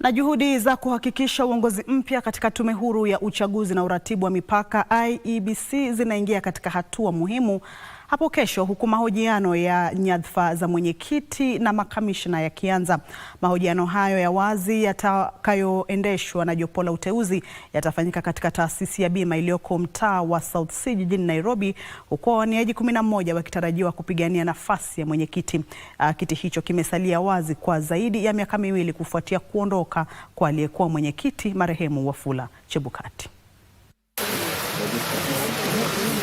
Na juhudi za kuhakikisha uongozi mpya katika Tume Huru ya Uchaguzi na Uratibu wa Mipaka IEBC zinaingia katika hatua muhimu hapo kesho, huku mahojiano ya nyadhifa za mwenyekiti na makamishna yakianza. Mahojiano hayo ya wazi yatakayoendeshwa na jopo la uteuzi yatafanyika katika taasisi ya bima iliyoko mtaa wa South C jijini Nairobi, huku wawaniaji kumi na moja wakitarajiwa kupigania nafasi ya mwenyekiti. Ah, kiti hicho kimesalia wazi kwa zaidi ya miaka miwili kufuatia kuondoka kwa aliyekuwa mwenyekiti marehemu Wafula Chebukati.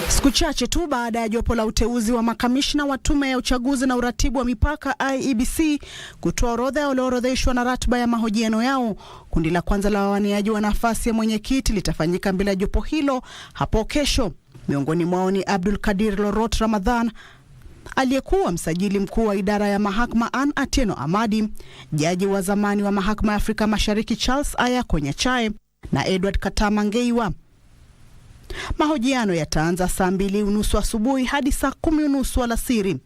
Siku chache tu baada ya jopo la uteuzi wa makamishna wa tume ya uchaguzi na uratibu wa mipaka IEBC kutoa orodha ya walioorodheshwa na ratiba ya mahojiano yao, kundi la kwanza la wawaniaji wa nafasi ya mwenyekiti litafanyika mbele ya jopo hilo hapo kesho. Miongoni mwao ni Abdul Kadir Lorot Ramadhan aliyekuwa msajili mkuu wa idara ya mahakama Ann Atieno Amadi, jaji wa zamani wa mahakama ya Afrika Mashariki Charles Aya Konyachae na Edward Katama Ngeiwa Mahojiano yataanza saa mbili unusu asubuhi hadi saa kumi unusu alasiri.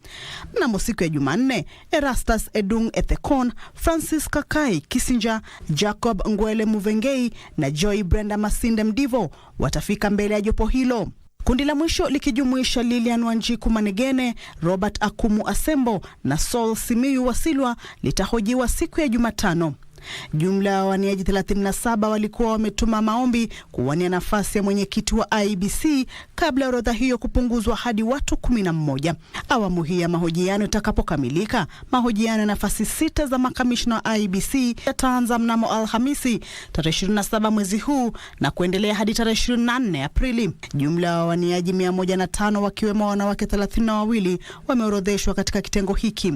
Mnamo siku ya Jumanne, Erastus Edung Ethekon, Francis Kakai Kisinja, Jacob Ngwele Muvengei na Joy Brenda Masinde Mdivo watafika mbele ya jopo hilo. Kundi la mwisho likijumuisha Lilian Wanjiku Manegene, Robert Akumu Asembo na Saul Simiyu Wasilwa litahojiwa siku ya Jumatano. Jumla ya wawaniaji 37 walikuwa wametuma maombi kuwania nafasi ya mwenyekiti wa IEBC kabla ya orodha hiyo kupunguzwa hadi watu 11. Awamu hii ya mahojiano itakapokamilika, mahojiano ya nafasi sita za makamishna wa IEBC yataanza mnamo Alhamisi tarehe 27 mwezi huu na kuendelea hadi tarehe 24 Aprili. Jumla ya wawaniaji 105 wakiwemo wanawake 32 wameorodheshwa katika kitengo hiki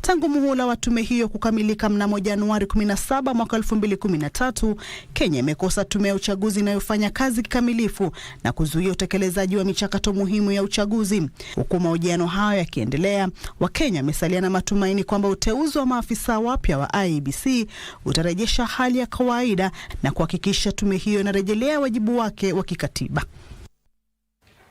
tangu muhula wa tume hiyo kukamilika mnamo Januari saba mwaka tatu Kenya imekosa tume ya uchaguzi inayofanya kazi kikamilifu na kuzuia utekelezaji wa michakato muhimu ya uchaguzi. Huku mahojiano hayo yakiendelea, Wakenya wamesalia na matumaini kwamba uteuzi wa maafisa wapya wa IEBC utarejesha hali ya kawaida na kuhakikisha tume hiyo inarejelea wajibu wake wa kikatiba.